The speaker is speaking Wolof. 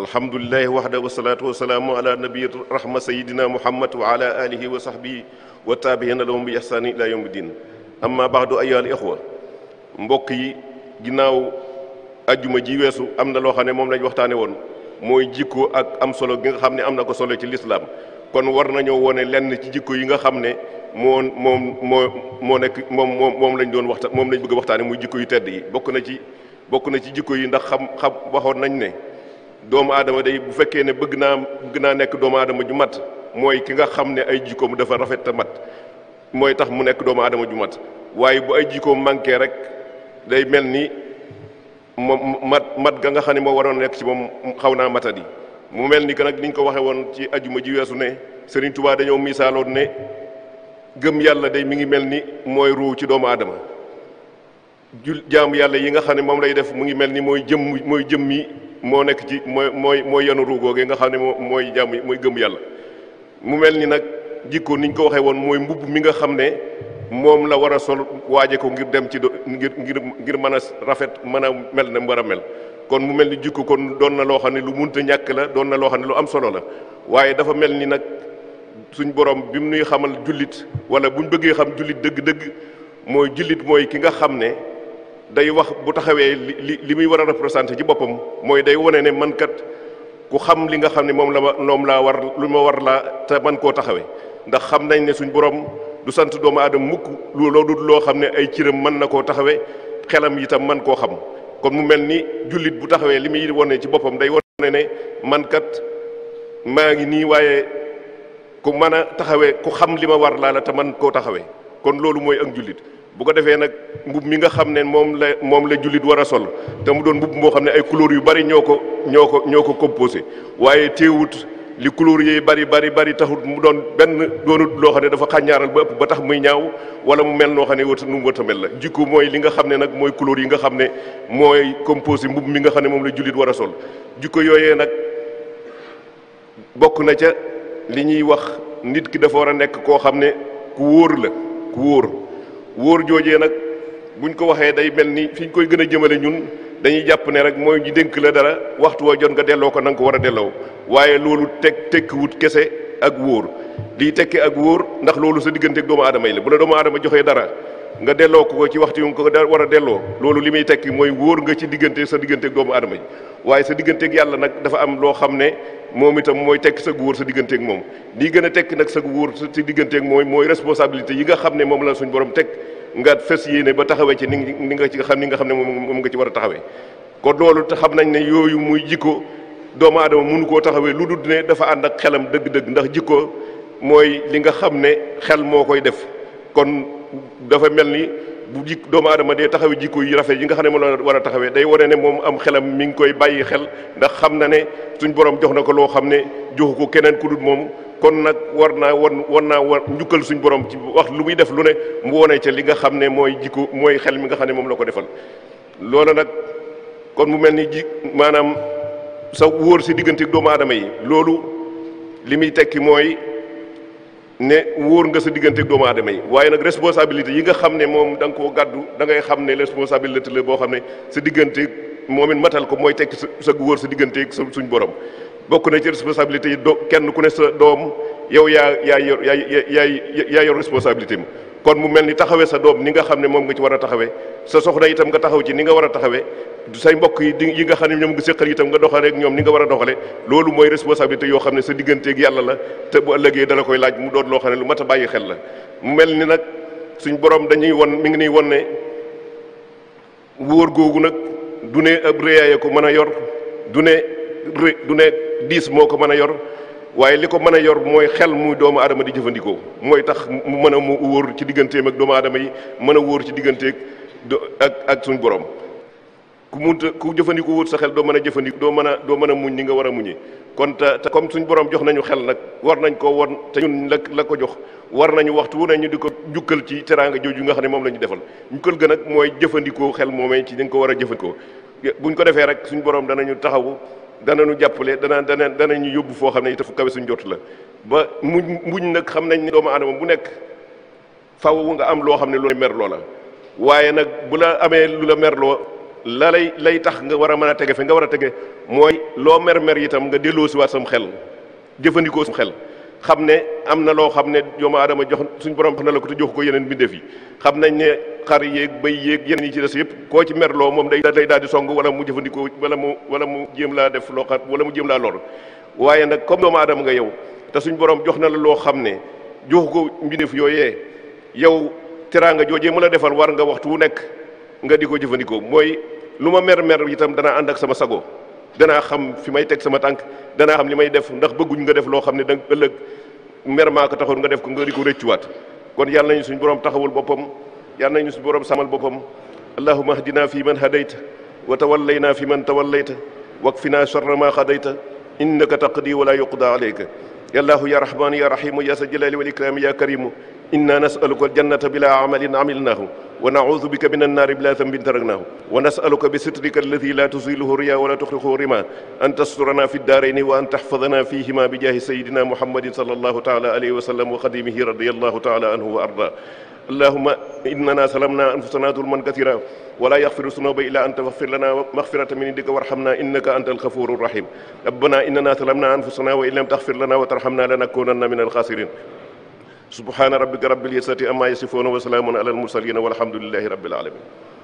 alhamdulilahi waxda wasalaatu wasalaamu ala nabi rahma sayidina muhammad wa ala alihi wa sahbihi wa taabihina lahum bi ihsaani ila yawmi din amma baxdu ayyuhal ixwa mbokk yi ginnaaw ajjuma ji weesu am na loo xam ne moom lañ waxtaane woon mooy jikko ak am solo gi nga xam ne am na ko solo ci lislaam kon war na nañoo wone lenn ci jikko yi nga xam ne moo moom moo moo moom moom moom lañ doon waxta moom lañ bëgg waxtaane muy jikko yu tedd yi bokk na ci bokk na ci jikko yi ndax xam xam waxoon nañ ne doomu aadama day bu fekkee ne bëgg naa bëgg naa nekk doomu aadama ju mat mooy ki nga xam ne ay jikkoom dafa rafet a mat mooy tax mu nekk doomu aadama ju mat waaye bu ay jikkoom rek day mel ni moom mat mat ga nga xam ne moo waroon nekk ci moom xaw naa matadi mu mel ni que nag ni ko waxee woon ci ajuma ji weesu ne Serigne Touba dañoo misaaloon ne gëm yàlla day mi ngi mel ni mooy ruu ci doomu aadama jul yàlla yi nga xam ne moom lay def mu ngi mel ni mooy jëmm mooy jëmmi. moo nekk ci mooy mooy mooy yanu ruugoogee nga xam ne moo mooy jàmm mooy gëm yàlla mu mel ni nag jikko niñ ko waxee woon mooy mbubb mi nga xam ne moom la war a sol waaje ko ngir dem ci do ngir ngir ngir mën a rafet mën a mel ne mu war a mel kon mu mel ni jikko kon doon na loo xam ne lu munta ñàkk la doon na loo xam ne lu am solo la waaye dafa mel ni nag suñ borom bi mu nuy xamal jullit wala buñ bëggee xam jullit dëgg-dëgg mooy jullit mooy ki nga xam ne day wax bu taxawee li muy war a représenté ci boppam mooy day wane ne mankat kat ku xam li nga xam ne moom la ma noom laa war lu ma war laa te man koo taxawee ndax xam nañ ne suñ borom du sant doomu aadama mukk loo loo xam ne ay ciram mën na koo taxawee xelam itam man koo xam kon mu mel ni jullit bu taxawee li muy wane ci boppam day wane ne man kat maa ngi nii waaye ku mën a taxawee ku xam li ma war laa la te man koo taxawee kon loolu mooy ak jullit. bu ko defee nag mbub mi nga xam ne moom la moom la jullit war a sol te mu doon mbub moo xam ne ay couleur yu bari ñoo ko ñoo ko ñoo ko composé waaye teewut li couleur yi bari bari bari taxut mu doon benn doonut loo xam ne dafa xàññaaral ba ëpp ba tax muy ñaaw wala mu mel noo xam ne wata nu mu mel la jikko mooy li nga xam ne nag mooy couleur yi nga xam ne mooy composé mbub mi nga xam ne moom la jullit war a sol jikko yooyee nag bokk na ca li ñuy wax nit ki dafa war a nekk koo xam ne ku wóor la ku wóor wóor joojee nag ñu ko waxee day mel ni fi ñu koy gën a jëmale ñun dañuy jàpp ne rek mooy ñu dénk la dara waxtu woo jot nga delloo ko na nga ko war a delloo waaye loolu teg tekkiwut kese ak wóor lii tekki ak wóor ndax loolu sa digganteeg doomu aadama yi la bu la joxee dara nga delloo ko ko ci waxtu yu nga ko war a delloo li muy tekki mooy wóor nga ci diggante sa digganteeg doomu aadama yi waaye sa digganteeg yàlla nag dafa am loo xam ne moom itam mooy tekki sa wóor sa digganteeg moom lii gën a tekki nag sa wóor sa digganteeg mooy mooy responsabilité yi nga xam ne moom la suñ borom tekk nga fës yéene ba taxawee ci ni ni nga ci xam ni nga xam ne moom nga ci war a taxawee kon loolu xam nañ ne yooyu muy jikko doomu aadama mënu koo taxawee lu dul ne dafa ànd ak xelam dëgg-dëgg ndax jikko mooy li nga xam ne xel moo koy def kon dafa mel ni bu jik doomu adama dee taxawe jikko yi rafet yi nga xam ne moom la war a taxawee day wane ne moom am xelam mi ngi koy bàyyi xel ndax xam na ne suñ borom jox na ko loo xam ne joxu ko keneen ku dul moom kon nag war naa wan war naa war njukkal suñ borom ci wax lu muy def lu ne mu wone ca li nga xam ne mooy jikko mooy xel mi nga xam ne moom la ko defal loola nag kon mu mel ni ji maanaam sa wóor si diggante doomu aadama yi loolu li muy tekki mooy ne nga sa diggante doomu yi waaye nag responsabilité yi nga ne moom da nga koo gàddu dangay xam ne responsabilité la boo xam ne sa diggante moom matal ko mooy tekki sa sa wóor sa digganteeg sa suñ borom bokk na ci responsabilité yi do kenn ku ne sa doom yow yaa yaa yor yaa yaa yaa yor responsabilité am kon mu mel ni taxawee sa doom ni nga xam ne moom nga ci war a taxawe sa soxna itam nga taxaw ci ni nga war a taxawee say mbokk yi yi nga xam ne ñoom nga séqal itam nga doxalee rek ñoom ni nga war a doxale loolu mooy responsabilité yoo xam ne sa digganteeg yàlla la te bu ëllëgee dala koy laaj mu doon loo xam ne lu mat a bàyyi xel la mu mel ni nag suñ borom dañuy won mi ngi nuy won ne googu nag du ne ab réyaay ko mën a yor ré du ne diis moo ko mën a yor waaye li ko mën a yor mooy xel muy doomu adama di jëfandikoo mooy tax mu mën a mu wóor ci digganteem ak doomu aadama yi mën a wóor ci digganteeg ak ak suñ borom ku mun ku jëfandikoo wut sa xel doo mën a jëfandiku doo mën a doo mën a muñ ni nga war a muñi kon te comme suñ borom jox nañu xel nag war nañ koo won te ñun la la ko jox war nañu waxtu wu ne ñu di ko jukkal ci teraanga jooju nga xam ne moom la ñu defal jukkal nag mooy jëfandikoo xel moomee ci dañ ko war a jëfandikoo ñu ko defee rek suñ borom danañu taxawu dana nu danañu jàppale dana dana ñu yóbbu foo xam ne itam fu kawe suñ jot la ba muñ muñ nag xam nañ ne doomu adama bu nekk faaw nga am loo xam ne lu mer loo la waaye nag bu la amee lu la merloo la lay lay tax nga war a mën a tege fi nga war a tege mooy loo mer-mer itam nga delloo si waat sam xel jëfandikoo sam xel xam ne am na loo xam ne doomu aadama jox suñ borom jox na la ko te jox ko yeneen mbindeef yi xam nañ ne. xar yéeg bay yéeg yeneen yi ci des yëpp koo ci merloo moom day day daal di song wala mu jëfandikoo wala mu wala mu jéem laa def loo xam wala mu jéem laa waaye nag comme doomu aadama nga yow te suñ borom jox na la loo xam ne joxu ko mbindeef yooyee yow teraanga joojee mu la defal war nga waxtu wu nekk nga di ko jëfandikoo mooy lu ma mer mer itam dana ànd ak sama sago danaa xam fi may teg sama tànk danaa xam li may def ndax bëgguñ nga def loo xam ne da ëllëg mer maa ko taxoon nga def ko nga di ko rëccuwaat kon yàlla nañu suñ borom taxawul boppam yal nañu su borom sàmmal boppam allahuma ahdina fi man hadayta wa tawallayna fi man tawallayta wakfina sharra ma qadayta innaka taqdi wala yuqda alayka ya allahu ya rahmanu ya rahimu ya sa jalali wal ikrami ya karimu inna nasaluka aljannata bila amalin amilnahu wa naudu bika min annaari bila dambin taraknahu wa nasaluka bi sitrika alladi la tusiluhu riya wala tuxriquhu rima an tasturana fi daarayni wa an taxfadana fihima bi jaahi sayidina muhammadin sal allahu taala alayhi wa sallam wa xadimihi radiallahu taala anhu wa arda allahuma innana salamna anfusana zulman kasira wala yaxfiru sunuba illa anta faxfir lana maxfirata min indika warxamna innaka anta alxafuru rahim rabbana innana salamna anfusana wa in lam taxfir lana wa tarxamna lanakunanna min alxasirin subhana rabbika rabbil izzati amma yasifuna wa salaamun ala almursalina walhamdulillahi rabbil alamin